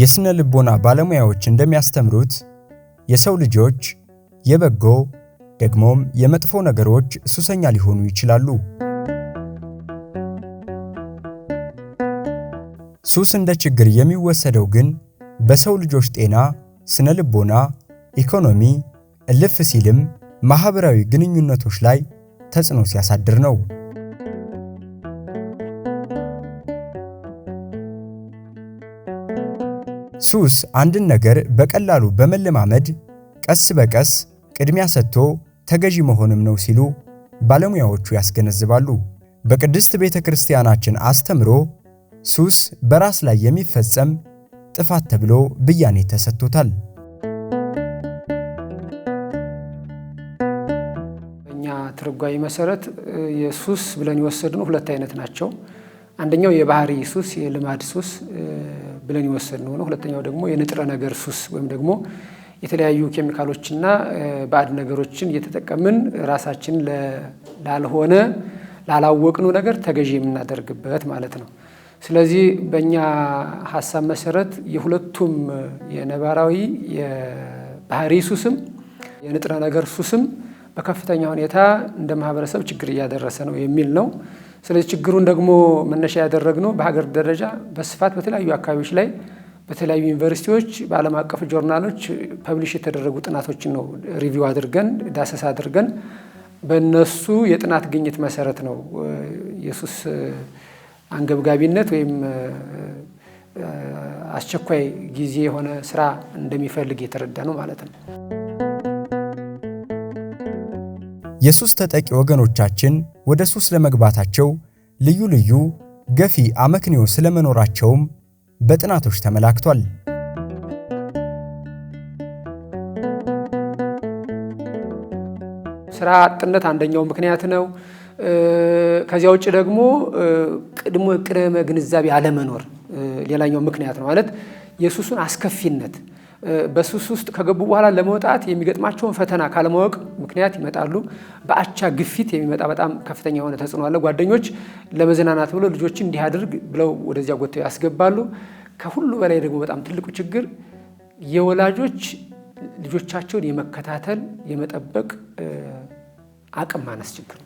የስነ ልቦና ባለሙያዎች እንደሚያስተምሩት የሰው ልጆች የበጎ ደግሞም የመጥፎ ነገሮች ሱሰኛ ሊሆኑ ይችላሉ። ሱስ እንደ ችግር የሚወሰደው ግን በሰው ልጆች ጤና፣ ስነ ልቦና፣ ኢኮኖሚ እልፍ ሲልም ማህበራዊ ግንኙነቶች ላይ ተጽዕኖ ሲያሳድር ነው። ሱስ አንድን ነገር በቀላሉ በመለማመድ ቀስ በቀስ ቅድሚያ ሰጥቶ ተገዢ መሆንም ነው ሲሉ ባለሙያዎቹ ያስገነዝባሉ። በቅድስት ቤተ ክርስቲያናችን አስተምሮ ሱስ በራስ ላይ የሚፈጸም ጥፋት ተብሎ ብያኔ ተሰጥቶታል። በእኛ ትርጓሜ መሰረት የሱስ ብለን የወሰድነው ሁለት አይነት ናቸው። አንደኛው የባህሪ ሱስ፣ የልማድ ሱስ ብለን የወሰድነው ነው። ሁለተኛው ደግሞ የንጥረ ነገር ሱስ ወይም ደግሞ የተለያዩ ኬሚካሎችና ባዕድ ነገሮችን እየተጠቀምን ራሳችን ላልሆነ ላላወቅነው ነገር ተገዢ የምናደርግበት ማለት ነው። ስለዚህ በእኛ ሀሳብ መሰረት የሁለቱም የነባራዊ የባህሪ ሱስም የንጥረ ነገር ሱስም በከፍተኛ ሁኔታ እንደ ማህበረሰብ ችግር እያደረሰ ነው የሚል ነው። ስለዚህ ችግሩን ደግሞ መነሻ ያደረግነው በሀገር ደረጃ በስፋት በተለያዩ አካባቢዎች ላይ በተለያዩ ዩኒቨርሲቲዎች በዓለም አቀፍ ጆርናሎች ፐብሊሽ የተደረጉ ጥናቶችን ነው ሪቪው አድርገን ዳሰስ አድርገን በእነሱ የጥናት ግኝት መሰረት ነው የሱስ አንገብጋቢነት ወይም አስቸኳይ ጊዜ የሆነ ስራ እንደሚፈልግ የተረዳ ነው ማለት ነው። የሱስ ተጠቂ ወገኖቻችን ወደ ሱስ ለመግባታቸው ልዩ ልዩ ገፊ አመክንዮ ስለመኖራቸውም በጥናቶች ተመላክቷል። ስራ አጥነት አንደኛው ምክንያት ነው። ከዚያ ውጭ ደግሞ ቅድሞ ቅድመ ግንዛቤ አለመኖር ሌላኛው ምክንያት ነው። ማለት የሱሱን አስከፊነት በሱስ ውስጥ ከገቡ በኋላ ለመውጣት የሚገጥማቸውን ፈተና ካለማወቅ ምክንያት ይመጣሉ። በአቻ ግፊት የሚመጣ በጣም ከፍተኛ የሆነ ተጽዕኖ አለ። ጓደኞች ለመዝናናት ብሎ ልጆችን እንዲህ አድርግ ብለው ወደዚያ ጎተው ያስገባሉ። ከሁሉ በላይ ደግሞ በጣም ትልቁ ችግር የወላጆች ልጆቻቸውን የመከታተል የመጠበቅ አቅም ማነስ ችግር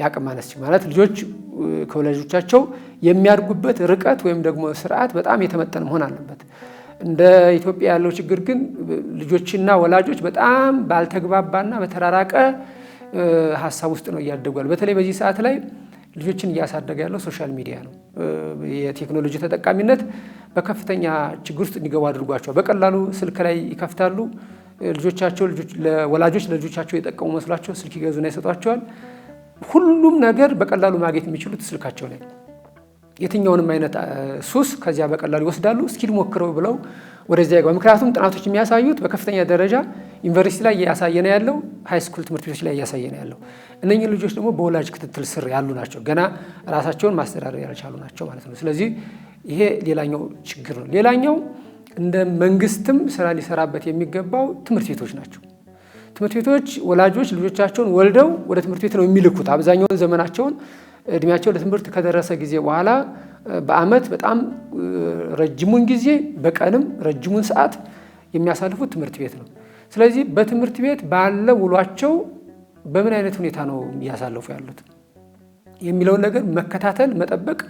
የአቅም ማነስ ማለት ልጆች ከወላጆቻቸው የሚያድጉበት ርቀት ወይም ደግሞ ስርዓት በጣም የተመጠነ መሆን አለበት። እንደ ኢትዮጵያ ያለው ችግር ግን ልጆችና ወላጆች በጣም ባልተግባባና በተራራቀ ሀሳብ ውስጥ ነው እያደጓል። በተለይ በዚህ ሰዓት ላይ ልጆችን እያሳደገ ያለው ሶሻል ሚዲያ ነው። የቴክኖሎጂ ተጠቃሚነት በከፍተኛ ችግር ውስጥ እንዲገቡ አድርጓቸዋል። በቀላሉ ስልክ ላይ ይከፍታሉ። ልጆቻቸው ወላጆች ለልጆቻቸው የጠቀሙ መስሏቸው ስልክ ይገዙና ይሰጧቸዋል። ሁሉም ነገር በቀላሉ ማግኘት የሚችሉት ስልካቸው ላይ የትኛውንም አይነት ሱስ ከዚያ በቀላሉ ይወስዳሉ። እስኪ ልሞክረው ብለው ወደዚያ ይገባል። ምክንያቱም ጥናቶች የሚያሳዩት በከፍተኛ ደረጃ ዩኒቨርሲቲ ላይ እያሳየነ ያለው ሃይስኩል ትምህርት ቤቶች ላይ እያሳየነ ያለው እነኚህ ልጆች ደግሞ በወላጅ ክትትል ስር ያሉ ናቸው። ገና ራሳቸውን ማስተዳደር ያልቻሉ ናቸው ማለት ነው። ስለዚህ ይሄ ሌላኛው ችግር ነው። ሌላኛው እንደ መንግስትም ስራ ሊሰራበት የሚገባው ትምህርት ቤቶች ናቸው። ትምህርት ቤቶች ወላጆች ልጆቻቸውን ወልደው ወደ ትምህርት ቤት ነው የሚልኩት አብዛኛውን ዘመናቸውን እድሜያቸው ለትምህርት ከደረሰ ጊዜ በኋላ በአመት በጣም ረጅሙን ጊዜ በቀንም ረጅሙን ሰዓት የሚያሳልፉት ትምህርት ቤት ነው። ስለዚህ በትምህርት ቤት ባለ ውሏቸው በምን አይነት ሁኔታ ነው እያሳለፉ ያሉት የሚለውን ነገር መከታተል፣ መጠበቅ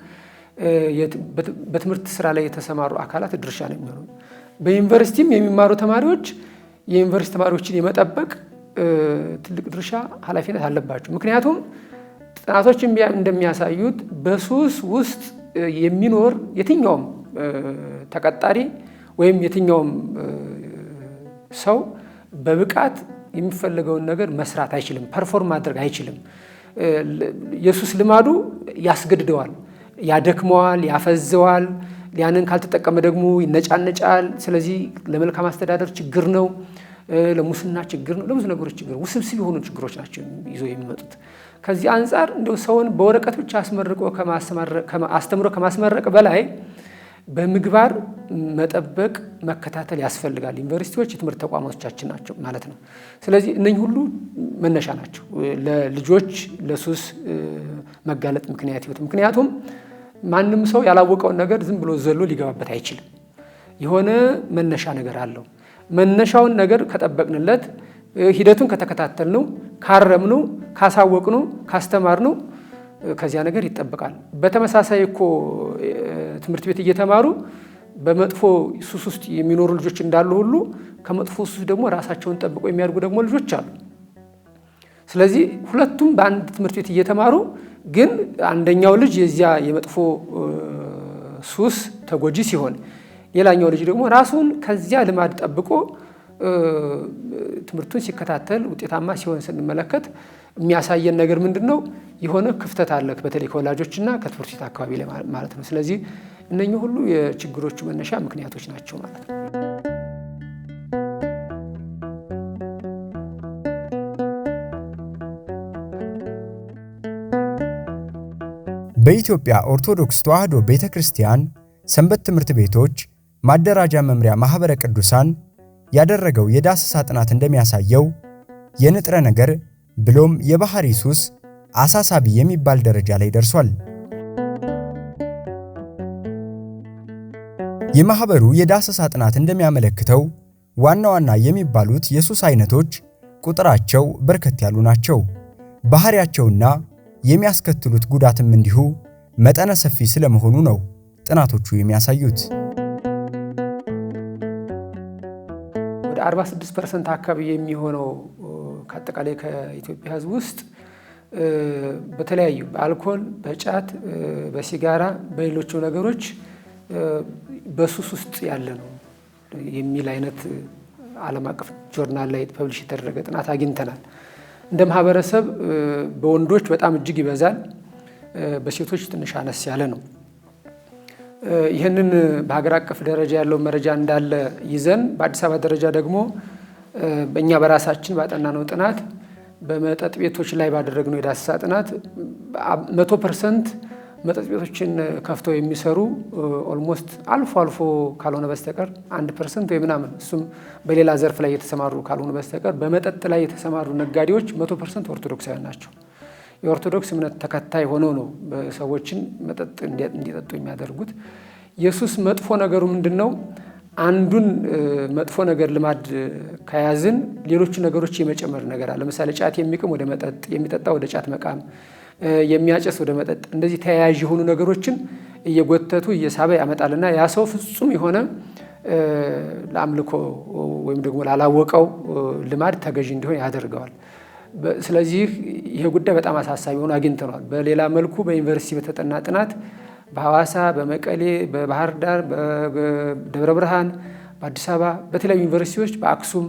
በትምህርት ስራ ላይ የተሰማሩ አካላት ድርሻ ነው የሚሆነው። በዩኒቨርሲቲም የሚማሩ ተማሪዎች የዩኒቨርሲቲ ተማሪዎችን የመጠበቅ ትልቅ ድርሻ ኃላፊነት አለባቸው። ምክንያቱም ጥናቶች እንደሚያሳዩት በሱስ ውስጥ የሚኖር የትኛውም ተቀጣሪ ወይም የትኛውም ሰው በብቃት የሚፈለገውን ነገር መስራት አይችልም፣ ፐርፎርም ማድረግ አይችልም። የሱስ ልማዱ ያስገድደዋል፣ ያደክመዋል፣ ያፈዘዋል። ያንን ካልተጠቀመ ደግሞ ይነጫነጫል። ስለዚህ ለመልካም አስተዳደር ችግር ነው። ለሙስና ችግር ነው፣ ለብዙ ነገሮች ችግር ውስብስብ የሆኑ ችግሮች ናቸው ይዞ የሚመጡት። ከዚህ አንጻር እንደው ሰውን በወረቀት ብቻ አስመርቆ አስተምሮ ከማስመረቅ በላይ በምግባር መጠበቅ፣ መከታተል ያስፈልጋል። ዩኒቨርሲቲዎች የትምህርት ተቋማቶቻችን ናቸው ማለት ነው። ስለዚህ እነኚህ ሁሉ መነሻ ናቸው ለልጆች ለሱስ መጋለጥ ምክንያት ይወት ምክንያቱም ማንም ሰው ያላወቀውን ነገር ዝም ብሎ ዘሎ ሊገባበት አይችልም። የሆነ መነሻ ነገር አለው። መነሻውን ነገር ከጠበቅንለት፣ ሂደቱን ከተከታተልነው፣ ካረምነው፣ ካሳወቅነው፣ ካስተማርነው ከዚያ ነገር ይጠበቃል። በተመሳሳይ እኮ ትምህርት ቤት እየተማሩ በመጥፎ ሱስ ውስጥ የሚኖሩ ልጆች እንዳሉ ሁሉ ከመጥፎ ሱስ ደግሞ ራሳቸውን ጠብቀው የሚያድጉ ደግሞ ልጆች አሉ። ስለዚህ ሁለቱም በአንድ ትምህርት ቤት እየተማሩ ግን አንደኛው ልጅ የዚያ የመጥፎ ሱስ ተጎጂ ሲሆን ሌላኛው ልጅ ደግሞ ራሱን ከዚያ ልማድ ጠብቆ ትምህርቱን ሲከታተል ውጤታማ ሲሆን ስንመለከት የሚያሳየን ነገር ምንድን ነው? የሆነ ክፍተት አለ፣ በተለይ ከወላጆችና ከትምህርት ቤት አካባቢ ላይ ማለት ነው። ስለዚህ እነኚህ ሁሉ የችግሮቹ መነሻ ምክንያቶች ናቸው ማለት ነው። በኢትዮጵያ ኦርቶዶክስ ተዋሕዶ ቤተ ክርስቲያን ሰንበት ትምህርት ቤቶች ማደራጃ መምሪያ ማኅበረ ቅዱሳን ያደረገው የዳሰሳ ጥናት እንደሚያሳየው የንጥረ ነገር ብሎም የባሕሪ ሱስ አሳሳቢ የሚባል ደረጃ ላይ ደርሷል። የማኅበሩ የዳሰሳ ጥናት እንደሚያመለክተው ዋና ዋና የሚባሉት የሱስ አይነቶች ቁጥራቸው በርከት ያሉ ናቸው። ባሕሪያቸውና የሚያስከትሉት ጉዳትም እንዲሁ መጠነ ሰፊ ስለመሆኑ ነው ጥናቶቹ የሚያሳዩት። 46 ፐርሰንት አካባቢ የሚሆነው ከአጠቃላይ ከኢትዮጵያ ሕዝብ ውስጥ በተለያዩ በአልኮል፣ በጫት፣ በሲጋራ፣ በሌሎቹ ነገሮች በሱስ ውስጥ ያለ ነው የሚል አይነት ዓለም አቀፍ ጆርናል ላይ ፐብሊሽ የተደረገ ጥናት አግኝተናል። እንደ ማህበረሰብ በወንዶች በጣም እጅግ ይበዛል፣ በሴቶች ትንሽ አነስ ያለ ነው። ይህንን በሀገር አቀፍ ደረጃ ያለውን መረጃ እንዳለ ይዘን በአዲስ አበባ ደረጃ ደግሞ በእኛ በራሳችን ባጠናነው ጥናት በመጠጥ ቤቶች ላይ ባደረግነው የዳሰሳ ጥናት መቶ ፐርሰንት መጠጥ ቤቶችን ከፍተው የሚሰሩ ኦልሞስት አልፎ አልፎ ካልሆነ በስተቀር አንድ ፐርሰንት ወይ ምናምን እሱም በሌላ ዘርፍ ላይ የተሰማሩ ካልሆነ በስተቀር በመጠጥ ላይ የተሰማሩ ነጋዴዎች መቶ ፐርሰንት ኦርቶዶክሳውያን ናቸው። የኦርቶዶክስ እምነት ተከታይ ሆኖ ነው ሰዎችን መጠጥ እንዲጠጡ የሚያደርጉት። የሱስ መጥፎ ነገሩ ምንድን ነው? አንዱን መጥፎ ነገር ልማድ ከያዝን ሌሎቹ ነገሮች የመጨመር ነገር አለ። ለምሳሌ ጫት የሚቅም ወደ መጠጥ፣ የሚጠጣ ወደ ጫት መቃም፣ የሚያጨስ ወደ መጠጥ፣ እንደዚህ ተያያዥ የሆኑ ነገሮችን እየጎተቱ እየሳበ ያመጣልና ያ ሰው ፍጹም የሆነ ለአምልኮ ወይም ደግሞ ላላወቀው ልማድ ተገዥ እንዲሆን ያደርገዋል። ስለዚህ ይሄ ጉዳይ በጣም አሳሳቢ ሆኖ አግኝተነዋል። በሌላ መልኩ በዩኒቨርሲቲ በተጠና ጥናት በሐዋሳ፣ በመቀሌ፣ በባህር ዳር፣ በደብረ ብርሃን፣ በአዲስ አበባ በተለያዩ ዩኒቨርሲቲዎች በአክሱም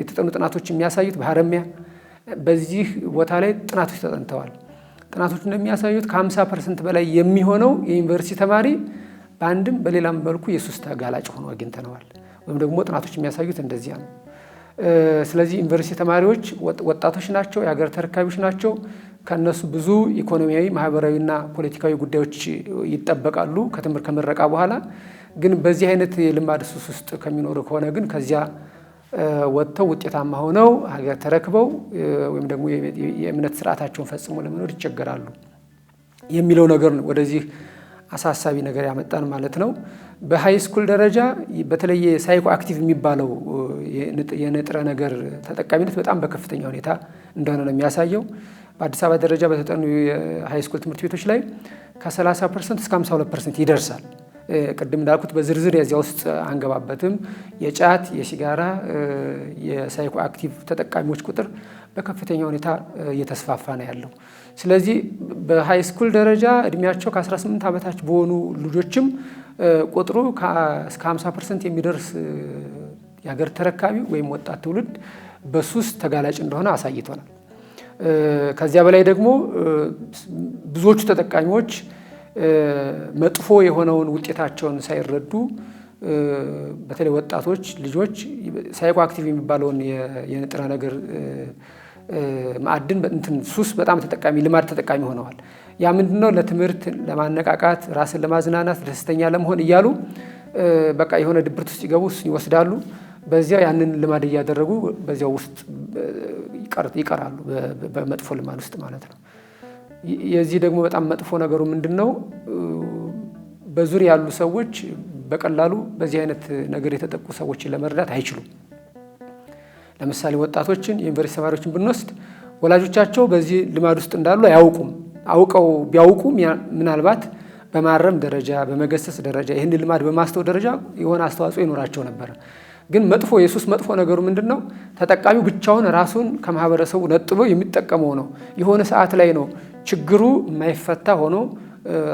የተጠኑ ጥናቶች የሚያሳዩት በሀረሚያ በዚህ ቦታ ላይ ጥናቶች ተጠንተዋል። ጥናቶች እንደሚያሳዩት ከ50 ፐርሰንት በላይ የሚሆነው የዩኒቨርሲቲ ተማሪ በአንድም በሌላም መልኩ የሱስ ተጋላጭ ሆኖ አግኝተነዋል። ወይም ደግሞ ጥናቶች የሚያሳዩት እንደዚያ ነው። ስለዚህ ዩኒቨርሲቲ ተማሪዎች ወጣቶች ናቸው፣ የሀገር ተረካቢዎች ናቸው። ከእነሱ ብዙ ኢኮኖሚያዊ፣ ማህበራዊና ፖለቲካዊ ጉዳዮች ይጠበቃሉ ከትምህርት ከምረቃ በኋላ። ግን በዚህ አይነት የልማድ ሱስ ውስጥ ከሚኖሩ ከሆነ ግን ከዚያ ወጥተው ውጤታማ ሆነው ሀገር ተረክበው ወይም ደግሞ የእምነት ስርዓታቸውን ፈጽሞ ለመኖር ይቸገራሉ የሚለው ነገር ወደዚህ አሳሳቢ ነገር ያመጣን ማለት ነው። በሃይ ስኩል ደረጃ በተለየ ሳይኮ አክቲቭ የሚባለው የንጥረ ነገር ተጠቃሚነት በጣም በከፍተኛ ሁኔታ እንደሆነ ነው የሚያሳየው። በአዲስ አበባ ደረጃ በተጠኑ የሃይ ስኩል ትምህርት ቤቶች ላይ ከ30 ፐርሰንት እስከ 52 ፐርሰንት ይደርሳል። ቅድም እንዳልኩት በዝርዝር የዚያ ውስጥ አንገባበትም። የጫት የሲጋራ የሳይኮ አክቲቭ ተጠቃሚዎች ቁጥር በከፍተኛ ሁኔታ እየተስፋፋ ነው ያለው። ስለዚህ በሃይ ስኩል ደረጃ እድሜያቸው ከ18 ዓመታች በሆኑ ልጆችም ቁጥሩ እስከ 50 ፐርሰንት የሚደርስ የሀገር ተረካቢ ወይም ወጣት ትውልድ በሱስ ተጋላጭ እንደሆነ አሳይቶናል። ከዚያ በላይ ደግሞ ብዙዎቹ ተጠቃሚዎች መጥፎ የሆነውን ውጤታቸውን ሳይረዱ በተለይ ወጣቶች ልጆች ሳይኮ አክቲቭ የሚባለውን የንጥረ ነገር ማዕድን እንትን ሱስ በጣም ተጠቃሚ ልማድ ተጠቃሚ ሆነዋል። ያ ምንድነው? ለትምህርት ለማነቃቃት፣ ራስን ለማዝናናት፣ ደስተኛ ለመሆን እያሉ በቃ የሆነ ድብርት ውስጥ ይገቡ ይወስዳሉ። በዚያው ያንን ልማድ እያደረጉ በዚያው ውስጥ ይቀራሉ፣ በመጥፎ ልማድ ውስጥ ማለት ነው። የዚህ ደግሞ በጣም መጥፎ ነገሩ ምንድን ነው? በዙሪያ ያሉ ሰዎች በቀላሉ በዚህ አይነት ነገር የተጠቁ ሰዎችን ለመርዳት አይችሉም። ለምሳሌ ወጣቶችን የዩኒቨርሲቲ ተማሪዎችን ብንወስድ ወላጆቻቸው በዚህ ልማድ ውስጥ እንዳሉ አያውቁም። አውቀው ቢያውቁም ምናልባት በማረም ደረጃ፣ በመገሰጽ ደረጃ፣ ይህን ልማድ በማስተው ደረጃ የሆነ አስተዋጽኦ ይኖራቸው ነበር። ግን መጥፎ የሱስ መጥፎ ነገሩ ምንድን ነው? ተጠቃሚው ብቻውን ራሱን ከማህበረሰቡ ነጥሎ የሚጠቀመው ነው። የሆነ ሰዓት ላይ ነው ችግሩ የማይፈታ ሆኖ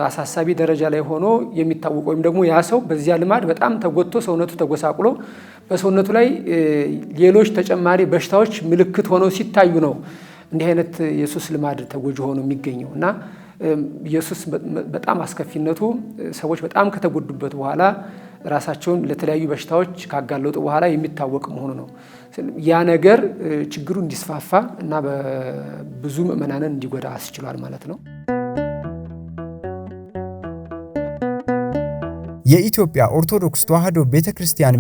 አሳሳቢ ደረጃ ላይ ሆኖ የሚታወቅ ወይም ደግሞ ያ ሰው በዚያ ልማድ በጣም ተጎድቶ ሰውነቱ ተጎሳቁሎ በሰውነቱ ላይ ሌሎች ተጨማሪ በሽታዎች ምልክት ሆነው ሲታዩ ነው እንዲህ አይነት የሱስ ልማድ ተጎጂ ሆኖ የሚገኘው እና የሱስ በጣም አስከፊነቱ ሰዎች በጣም ከተጎዱበት በኋላ ራሳቸውን ለተለያዩ በሽታዎች ካጋለጡ በኋላ የሚታወቅ መሆኑ ነው። ያ ነገር ችግሩ እንዲስፋፋ እና በብዙ ምዕመናንን እንዲጎዳ አስችሏል ማለት ነው። የኢትዮጵያ ኦርቶዶክስ ተዋሕዶ ቤተ ክርስቲያን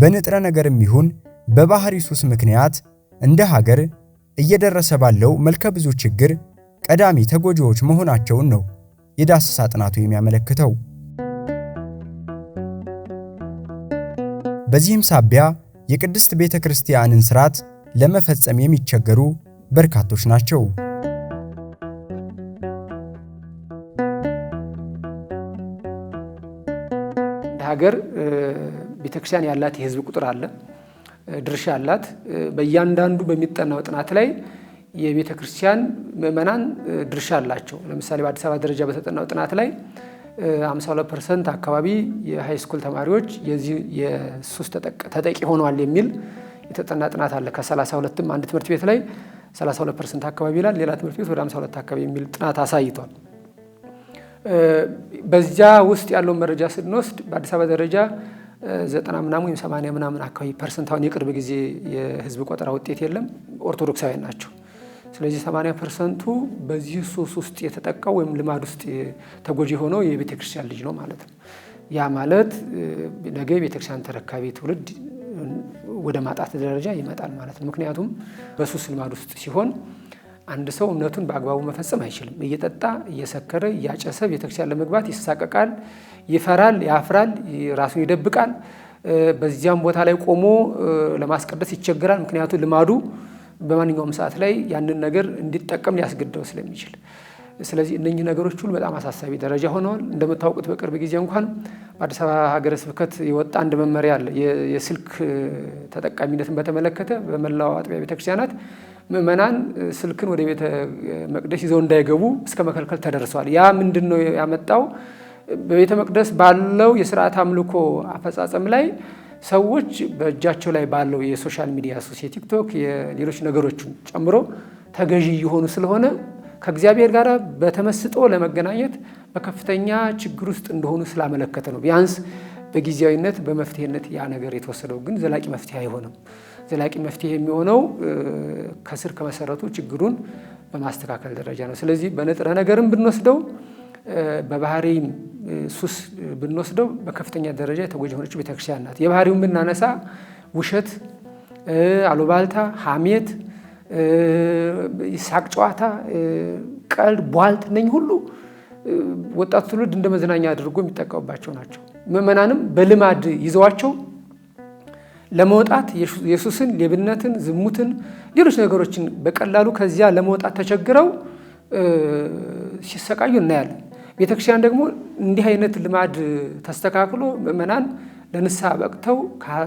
በንጥረ ነገርም ይሁን በባህሪ ሱስ ምክንያት እንደ ሀገር እየደረሰ ባለው መልከ ብዙ ችግር ቀዳሚ ተጎጂዎች መሆናቸውን ነው የዳሰሳ ጥናቱ የሚያመለክተው። በዚህም ሳቢያ የቅድስት ቤተ ክርስቲያንን ሥርዓት ለመፈጸም የሚቸገሩ በርካቶች ናቸው። ሀገር ቤተክርስቲያን ያላት የህዝብ ቁጥር አለ፣ ድርሻ አላት። በእያንዳንዱ በሚጠናው ጥናት ላይ የቤተክርስቲያን ምእመናን ድርሻ አላቸው። ለምሳሌ በአዲስ አበባ ደረጃ በተጠናው ጥናት ላይ 52 ፐርሰንት አካባቢ የሃይስኩል ተማሪዎች የዚህ የሱስ ተጠቂ ሆነዋል የሚል የተጠና ጥናት አለ። ከ32ም አንድ ትምህርት ቤት ላይ 32 ፐርሰንት አካባቢ ይላል፣ ሌላ ትምህርት ቤት ወደ 52 አካባቢ የሚል ጥናት አሳይቷል። በዚያ ውስጥ ያለውን መረጃ ስንወስድ በአዲስ አበባ ደረጃ ዘጠና ምናምን ወይም ሰማንያ ምናምን አካባቢ ፐርሰንት አሁን የቅርብ ጊዜ የህዝብ ቆጠራ ውጤት የለም ኦርቶዶክሳውያን ናቸው። ስለዚህ ሰማንያ ፐርሰንቱ በዚህ ሱስ ውስጥ የተጠቃው ወይም ልማድ ውስጥ ተጎጂ የሆነው የቤተ ክርስቲያን ልጅ ነው ማለት ነው። ያ ማለት ነገ የቤተክርስቲያን ተረካቢ ትውልድ ወደ ማጣት ደረጃ ይመጣል ማለት ነው። ምክንያቱም በሱስ ልማድ ውስጥ ሲሆን አንድ ሰው እምነቱን በአግባቡ መፈጸም አይችልም። እየጠጣ እየሰከረ እያጨሰ ቤተክርስቲያን ለመግባት ይሳቀቃል፣ ይፈራል፣ ያፍራል፣ ራሱን ይደብቃል። በዚያም ቦታ ላይ ቆሞ ለማስቀደስ ይቸግራል። ምክንያቱም ልማዱ በማንኛውም ሰዓት ላይ ያንን ነገር እንዲጠቀም ሊያስገድደው ስለሚችል ስለዚህ እነኚህ ነገሮች ሁሉ በጣም አሳሳቢ ደረጃ ሆነዋል። እንደምታውቁት በቅርብ ጊዜ እንኳን በአዲስ አበባ ሀገረ ስብከት የወጣ አንድ መመሪያ አለ። የስልክ ተጠቃሚነትን በተመለከተ በመላው አጥቢያ ቤተክርስቲያናት ምእመናን ስልክን ወደ ቤተ መቅደስ ይዘው እንዳይገቡ እስከ መከልከል ተደርሰዋል። ያ ምንድን ነው ያመጣው? በቤተ መቅደስ ባለው የስርዓት አምልኮ አፈጻጸም ላይ ሰዎች በእጃቸው ላይ ባለው የሶሻል ሚዲያ ሱስ፣ የቲክቶክ የሌሎች ነገሮችን ጨምሮ ተገዢ እየሆኑ ስለሆነ ከእግዚአብሔር ጋር በተመስጦ ለመገናኘት በከፍተኛ ችግር ውስጥ እንደሆኑ ስላመለከተ ነው ቢያንስ በጊዜያዊነት በመፍትሄነት ያ ነገር የተወሰደው፣ ግን ዘላቂ መፍትሄ አይሆንም። ዘላቂ መፍትሄ የሚሆነው ከስር ከመሰረቱ ችግሩን በማስተካከል ደረጃ ነው። ስለዚህ በንጥረ ነገርም ብንወስደው በባህሪም ሱስ ብንወስደው በከፍተኛ ደረጃ የተጎጂ የሆነችው ቤተክርስቲያን ናት። የባህሪውን ብናነሳ ውሸት፣ አሉባልታ፣ ሐሜት፣ ሳቅ ጨዋታ፣ ቀልድ፣ ቧልት እነኝ ሁሉ ወጣቱ ትውልድ እንደ መዝናኛ አድርጎ የሚጠቀሙባቸው ናቸው። ምዕመናንም በልማድ ይዘዋቸው ለመውጣት የሱስን ሌብነትን፣ ዝሙትን፣ ሌሎች ነገሮችን በቀላሉ ከዚያ ለመውጣት ተቸግረው ሲሰቃዩ እናያለን። ቤተክርስቲያን ደግሞ እንዲህ አይነት ልማድ ተስተካክሎ ምእመናን ለንስሐ በቅተው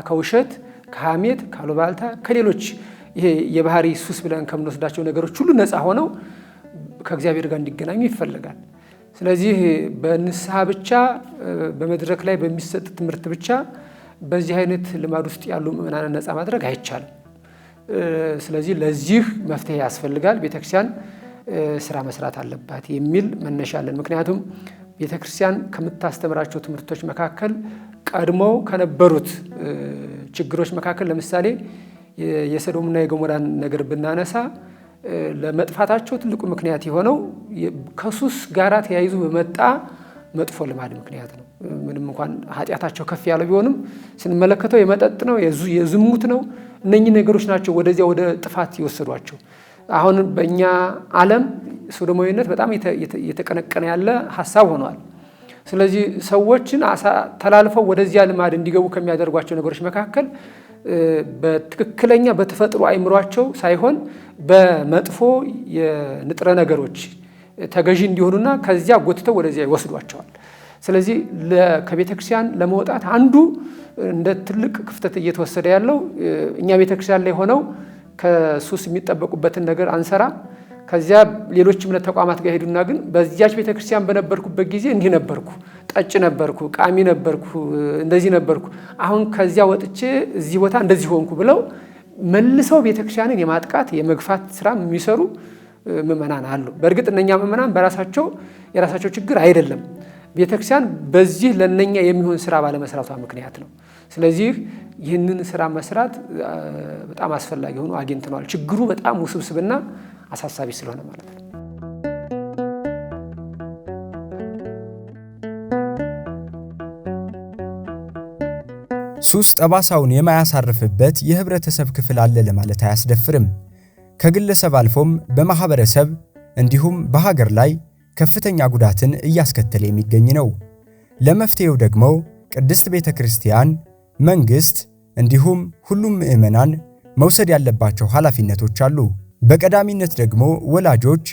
ከውሸት፣ ከሐሜት፣ ካሉባልታ ከሌሎች ይሄ የባህሪ ሱስ ብለን ከምንወስዳቸው ነገሮች ሁሉ ነፃ ሆነው ከእግዚአብሔር ጋር እንዲገናኙ ይፈለጋል። ስለዚህ በንስሐ ብቻ በመድረክ ላይ በሚሰጥ ትምህርት ብቻ በዚህ አይነት ልማድ ውስጥ ያሉ ምዕመናንን ነፃ ማድረግ አይቻልም። ስለዚህ ለዚህ መፍትሄ ያስፈልጋል፣ ቤተክርስቲያን ስራ መስራት አለባት የሚል መነሻ አለን። ምክንያቱም ቤተክርስቲያን ከምታስተምራቸው ትምህርቶች መካከል ቀድሞው ከነበሩት ችግሮች መካከል ለምሳሌ የሰዶምና የገሞራን ነገር ብናነሳ ለመጥፋታቸው ትልቁ ምክንያት የሆነው ከሱስ ጋራ ተያይዞ በመጣ መጥፎ ልማድ ምክንያት ነው። እንኳን ኃጢአታቸው ከፍ ያለ ቢሆንም ስንመለከተው የመጠጥ ነው፣ የዝሙት ነው። እነኚህ ነገሮች ናቸው ወደዚያ ወደ ጥፋት ይወሰዷቸው አሁን በእኛ ዓለም ሶዶማዊነት በጣም የተቀነቀነ ያለ ሀሳብ ሆኗል። ስለዚህ ሰዎችን ተላልፈው ወደዚያ ልማድ እንዲገቡ ከሚያደርጓቸው ነገሮች መካከል በትክክለኛ በተፈጥሮ አይምሯቸው ሳይሆን በመጥፎ የንጥረ ነገሮች ተገዢ እንዲሆኑና ከዚያ ጎትተው ወደዚያ ይወስዷቸዋል። ስለዚህ ከቤተ ክርስቲያን ለመውጣት አንዱ እንደ ትልቅ ክፍተት እየተወሰደ ያለው እኛ ቤተ ክርስቲያን ላይ ሆነው ከሱስ የሚጠበቁበትን ነገር አንሰራ ከዚያ ሌሎች እምነት ተቋማት ጋር ሄዱና ግን በዚያች ቤተ ክርስቲያን በነበርኩበት ጊዜ እንዲህ ነበርኩ፣ ጠጭ ነበርኩ፣ ቃሚ ነበርኩ፣ እንደዚህ ነበርኩ፣ አሁን ከዚያ ወጥቼ እዚህ ቦታ እንደዚህ ሆንኩ ብለው መልሰው ቤተ ክርስቲያንን የማጥቃት የመግፋት ስራ የሚሰሩ ምእመናን አሉ። በእርግጥ እነኛ ምእመናን በራሳቸው የራሳቸው ችግር አይደለም። ቤተክርስቲያን በዚህ ለነኛ የሚሆን ስራ ባለመስራቷ ምክንያት ነው። ስለዚህ ይህንን ስራ መስራት በጣም አስፈላጊ ሆኖ አግኝተነዋል። ችግሩ በጣም ውስብስብና አሳሳቢ ስለሆነ ማለት ነው። ሱስ ጠባሳውን የማያሳርፍበት የህብረተሰብ ክፍል አለ ለማለት አያስደፍርም። ከግለሰብ አልፎም በማህበረሰብ እንዲሁም በሀገር ላይ ከፍተኛ ጉዳትን እያስከተለ የሚገኝ ነው። ለመፍትሄው ደግሞ ቅድስት ቤተ ክርስቲያን፣ መንግሥት እንዲሁም ሁሉም ምዕመናን መውሰድ ያለባቸው ኃላፊነቶች አሉ። በቀዳሚነት ደግሞ ወላጆች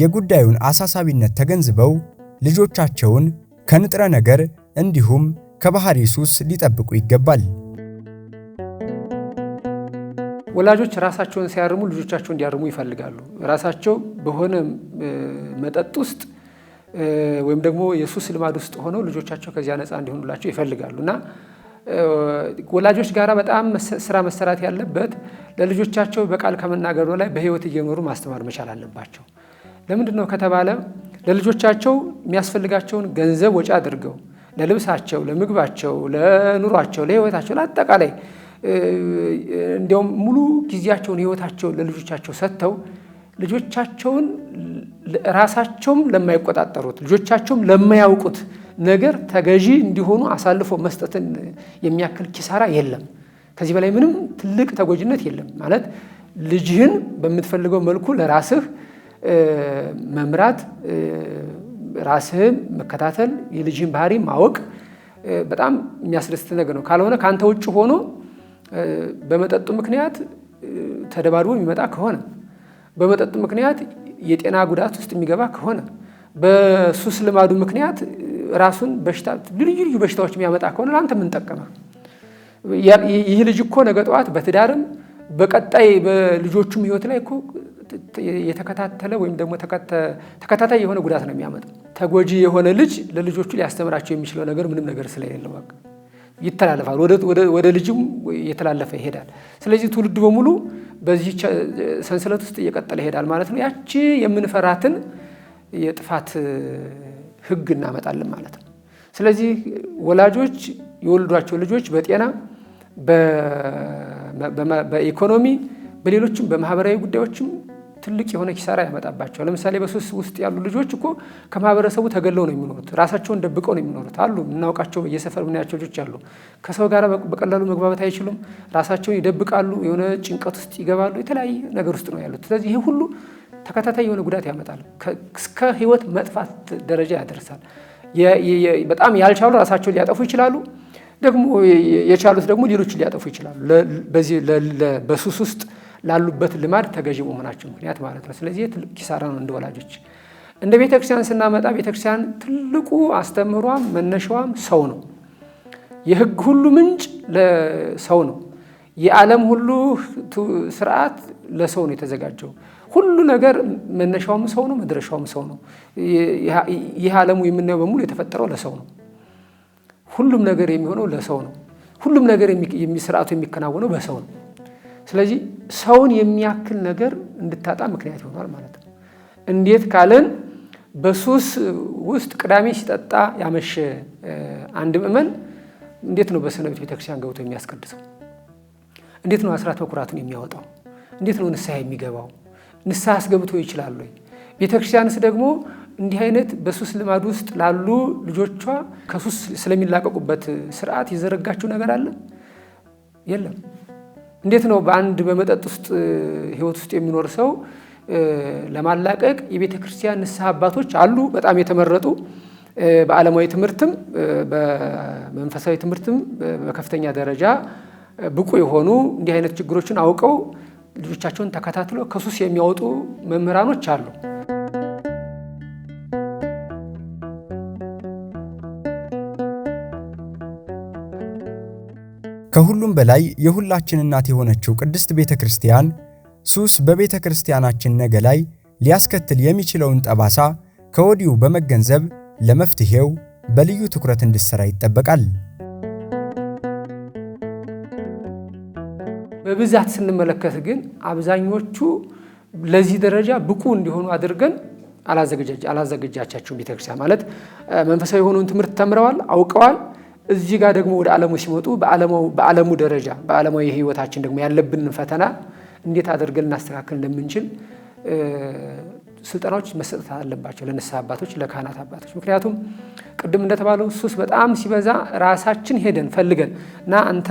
የጉዳዩን አሳሳቢነት ተገንዝበው ልጆቻቸውን ከንጥረ ነገር እንዲሁም ከባህር ሱስ ሊጠብቁ ይገባል። ወላጆች ራሳቸውን ሲያርሙ ልጆቻቸው እንዲያርሙ ይፈልጋሉ። ራሳቸው በሆነ መጠጥ ውስጥ ወይም ደግሞ የሱስ ልማድ ውስጥ ሆነው ልጆቻቸው ከዚያ ነፃ እንዲሆኑላቸው ይፈልጋሉ እና ወላጆች ጋራ በጣም ስራ መሰራት ያለበት ለልጆቻቸው በቃል ከመናገር ላይ በህይወት እየኖሩ ማስተማር መቻል አለባቸው። ለምንድን ነው ከተባለ ለልጆቻቸው የሚያስፈልጋቸውን ገንዘብ ወጪ አድርገው ለልብሳቸው፣ ለምግባቸው፣ ለኑሯቸው፣ ለህይወታቸው ለአጠቃላይ እንዲያውም ሙሉ ጊዜያቸውን ህይወታቸውን ለልጆቻቸው ሰጥተው ልጆቻቸውን ራሳቸውም ለማይቆጣጠሩት ልጆቻቸውም ለማያውቁት ነገር ተገዢ እንዲሆኑ አሳልፎ መስጠትን የሚያክል ኪሳራ የለም። ከዚህ በላይ ምንም ትልቅ ተጎጂነት የለም። ማለት ልጅህን በምትፈልገው መልኩ ለራስህ መምራት፣ ራስህን መከታተል፣ የልጅህን ባህሪ ማወቅ በጣም የሚያስደስት ነገር ነው። ካልሆነ ከአንተ ውጭ ሆኖ በመጠጡ ምክንያት ተደባድቦ የሚመጣ ከሆነ በመጠጡ ምክንያት የጤና ጉዳት ውስጥ የሚገባ ከሆነ በሱስ ልማዱ ምክንያት ራሱን በሽታ ልዩ ልዩ በሽታዎች የሚያመጣ ከሆነ ለአንተ ምን ጠቀመ? ይህ ልጅ እኮ ነገ ጠዋት በትዳርም በቀጣይ በልጆቹም ህይወት ላይ እኮ የተከታተለ ወይም ደግሞ ተከታታይ የሆነ ጉዳት ነው የሚያመጣ። ተጎጂ የሆነ ልጅ ለልጆቹ ሊያስተምራቸው የሚችለው ነገር ምንም ነገር ስለሌለው በቃ ይተላለፋል፣ ወደ ልጅም እየተላለፈ ይሄዳል። ስለዚህ ትውልድ በሙሉ በዚህ ሰንሰለት ውስጥ እየቀጠለ ይሄዳል ማለት ነው። ያቺ የምንፈራትን የጥፋት ህግ እናመጣለን ማለት ነው። ስለዚህ ወላጆች የወልዷቸው ልጆች በጤና በኢኮኖሚ፣ በሌሎችም በማህበራዊ ጉዳዮችም ትልቅ የሆነ ኪሳራ ያመጣባቸዋል። ለምሳሌ በሱስ ውስጥ ያሉ ልጆች እኮ ከማህበረሰቡ ተገለው ነው የሚኖሩት። ራሳቸውን ደብቀው ነው የሚኖሩት አሉ የምናውቃቸው የሰፈር ምናያቸው ልጆች አሉ። ከሰው ጋር በቀላሉ መግባባት አይችሉም። ራሳቸውን ይደብቃሉ። የሆነ ጭንቀት ውስጥ ይገባሉ። የተለያየ ነገር ውስጥ ነው ያሉት። ስለዚህ ይህ ሁሉ ተከታታይ የሆነ ጉዳት ያመጣል። እስከ ህይወት መጥፋት ደረጃ ያደርሳል። በጣም ያልቻሉ ራሳቸውን ሊያጠፉ ይችላሉ። ደግሞ የቻሉት ደግሞ ሌሎች ሊያጠፉ ይችላሉ። በሱስ ውስጥ ላሉበት ልማድ ተገዢ በመሆናቸው ምክንያት ማለት ነው። ስለዚህ ትልቅ ኪሳራ ነው እንደ ወላጆች። እንደ ቤተክርስቲያን ስናመጣ ቤተክርስቲያን ትልቁ አስተምሯም መነሻዋም ሰው ነው። የህግ ሁሉ ምንጭ ለሰው ነው። የዓለም ሁሉ ስርዓት ለሰው ነው የተዘጋጀው። ሁሉ ነገር መነሻውም ሰው ነው፣ መድረሻውም ሰው ነው። ይህ ዓለሙ የምናየው በሙሉ የተፈጠረው ለሰው ነው። ሁሉም ነገር የሚሆነው ለሰው ነው። ሁሉም ነገር ስርዓቱ የሚከናወነው በሰው ነው። ስለዚህ ሰውን የሚያክል ነገር እንድታጣ ምክንያት ይሆኗል ማለት ነው። እንዴት ካለን በሱስ ውስጥ ቅዳሜ ሲጠጣ ያመሸ አንድ ምዕመን እንዴት ነው በሰንበት ቤተክርስቲያን ገብቶ የሚያስቀድሰው? እንዴት ነው አስራት በኩራቱን የሚያወጣው? እንዴት ነው ንስሐ የሚገባው? ንስሐ አስገብቶ ይችላል ወይ? ቤተክርስቲያንስ ደግሞ እንዲህ አይነት በሱስ ልማድ ውስጥ ላሉ ልጆቿ ከሱስ ስለሚላቀቁበት ስርዓት የዘረጋችው ነገር አለ የለም? እንዴት ነው በአንድ በመጠጥ ውስጥ ህይወት ውስጥ የሚኖር ሰው ለማላቀቅ የቤተ ክርስቲያን ንስሐ አባቶች አሉ፣ በጣም የተመረጡ በዓለማዊ ትምህርትም በመንፈሳዊ ትምህርትም በከፍተኛ ደረጃ ብቁ የሆኑ እንዲህ አይነት ችግሮችን አውቀው ልጆቻቸውን ተከታትለው ከሱስ የሚያወጡ መምህራኖች አሉ። ከሁሉም በላይ የሁላችን እናት የሆነችው ቅድስት ቤተ ክርስቲያን ሱስ በቤተ ክርስቲያናችን ነገ ላይ ሊያስከትል የሚችለውን ጠባሳ ከወዲሁ በመገንዘብ ለመፍትሄው በልዩ ትኩረት እንድትሰራ ይጠበቃል። በብዛት ስንመለከት ግን አብዛኞቹ ለዚህ ደረጃ ብቁ እንዲሆኑ አድርገን አላዘጋጃቻቸውም። ቤተክርስቲያን ማለት መንፈሳዊ የሆነውን ትምህርት ተምረዋል፣ አውቀዋል እዚህ ጋር ደግሞ ወደ ዓለሙ ሲመጡ በዓለሙ ደረጃ በዓለማዊ ሕይወታችን ደግሞ ያለብንን ፈተና እንዴት አድርገን ልናስተካከል እንደምንችል ስልጠናዎች መሰጠት አለባቸው ለንስሐ አባቶች፣ ለካህናት አባቶች። ምክንያቱም ቅድም እንደተባለው ሱስ በጣም ሲበዛ ራሳችን ሄደን ፈልገን እና አንተ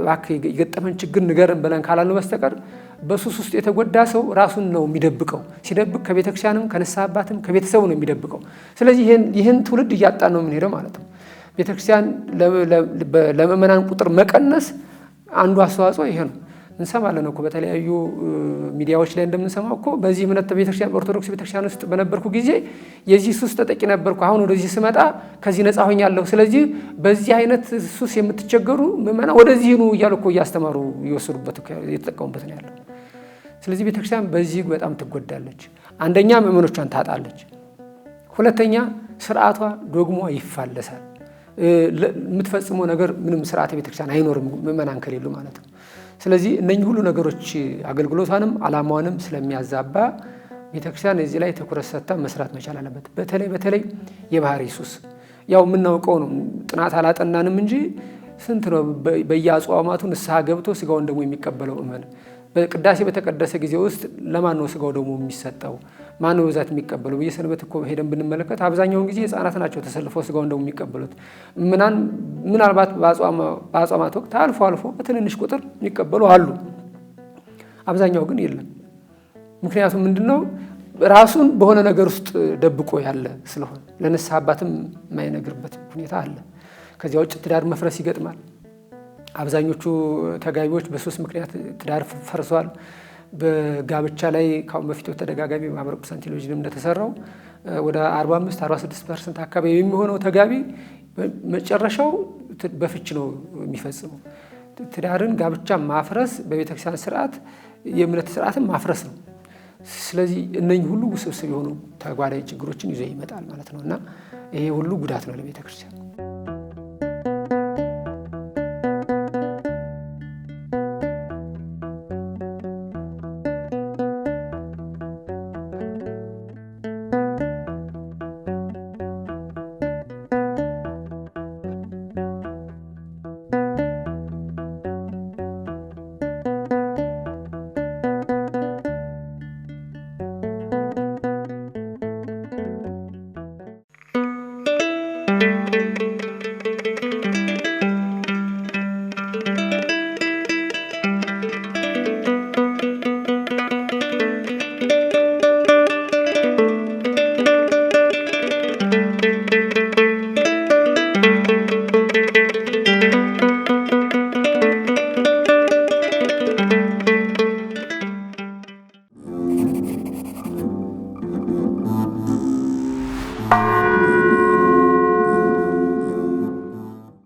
እባክህ የገጠመን ችግር ንገርን ብለን ካላሉ በስተቀር በሱስ ውስጥ የተጎዳ ሰው ራሱን ነው የሚደብቀው። ሲደብቅ ከቤተክርስቲያንም ክርስቲያንም ከንስሐ አባትም ከቤተሰቡ ነው የሚደብቀው። ስለዚህ ይህን ትውልድ እያጣን ነው የምንሄደው ማለት ነው። ቤተክርስቲያን ለምእመናን ቁጥር መቀነስ አንዱ አስተዋጽኦ ይሄ ነው። እንሰማለን እኮ በተለያዩ ሚዲያዎች ላይ እንደምንሰማው እኮ በዚህ እምነት ቤተክርስቲያን ኦርቶዶክስ ቤተክርስቲያን ውስጥ በነበርኩ ጊዜ የዚህ ሱስ ተጠቂ ነበርኩ፣ አሁን ወደዚህ ስመጣ ከዚህ ነፃ ሆኛለሁ። ስለዚህ በዚህ አይነት ሱስ የምትቸገሩ ምእመና ወደዚህ ኑ እያሉ እኮ እያስተማሩ እየወሰዱበት እየተጠቀሙበት ነው ያለው። ስለዚህ ቤተክርስቲያን በዚህ በጣም ትጎዳለች። አንደኛ ምእመኖቿን ታጣለች፣ ሁለተኛ ስርዓቷ ዶግሟ ይፋለሳል። የምትፈጽመው ነገር ምንም ስርዓተ ቤተክርስቲያን አይኖርም ምእመናን ከሌሉ ማለት ነው። ስለዚህ እነኚህ ሁሉ ነገሮች አገልግሎቷንም አላማዋንም ስለሚያዛባ ቤተክርስቲያን እዚህ ላይ ትኩረት ሰጥታ መስራት መቻል አለበት። በተለይ በተለይ የባህር ሱስ ያው የምናውቀው ነው። ጥናት አላጠናንም እንጂ ስንት ነው በየአጽዋማቱ ንስሐ ገብቶ ስጋውን ደግሞ የሚቀበለው እመን በቅዳሴ በተቀደሰ ጊዜ ውስጥ ለማን ነው ስጋው ደግሞ የሚሰጠው? ማን ብዛት በብዛት የሚቀበለው? በየሰንበት እኮ ሄደን ብንመለከት አብዛኛውን ጊዜ ህጻናት ናቸው ተሰልፈው ስጋውን ደግሞ የሚቀበሉት። ምናልባት በአጽዋማት ወቅት አልፎ አልፎ በትንንሽ ቁጥር የሚቀበሉ አሉ። አብዛኛው ግን የለም። ምክንያቱም ምንድን ነው ራሱን በሆነ ነገር ውስጥ ደብቆ ያለ ስለሆነ ለንስሐ አባትም የማይነግርበት ሁኔታ አለ። ከዚያ ውጭ ትዳር መፍረስ ይገጥማል። አብዛኞቹ ተጋቢዎች በሶስት ምክንያት ትዳር ፈርሷል። በጋብቻ ላይ ካሁን በፊት በተደጋጋሚ ማህበረ ቅዱሳን ቴሌቪዥን እንደተሰራው ወደ 45 46 ፐርሰንት አካባቢ የሚሆነው ተጋቢ መጨረሻው በፍች ነው የሚፈጽመው። ትዳርን ጋብቻ ማፍረስ በቤተክርስቲያን ስርዓት የእምነት ስርዓትን ማፍረስ ነው። ስለዚህ እነኝህ ሁሉ ውስብስብ የሆኑ ተጓዳኝ ችግሮችን ይዞ ይመጣል ማለት ነው እና ይሄ ሁሉ ጉዳት ነው ለቤተክርስቲያን።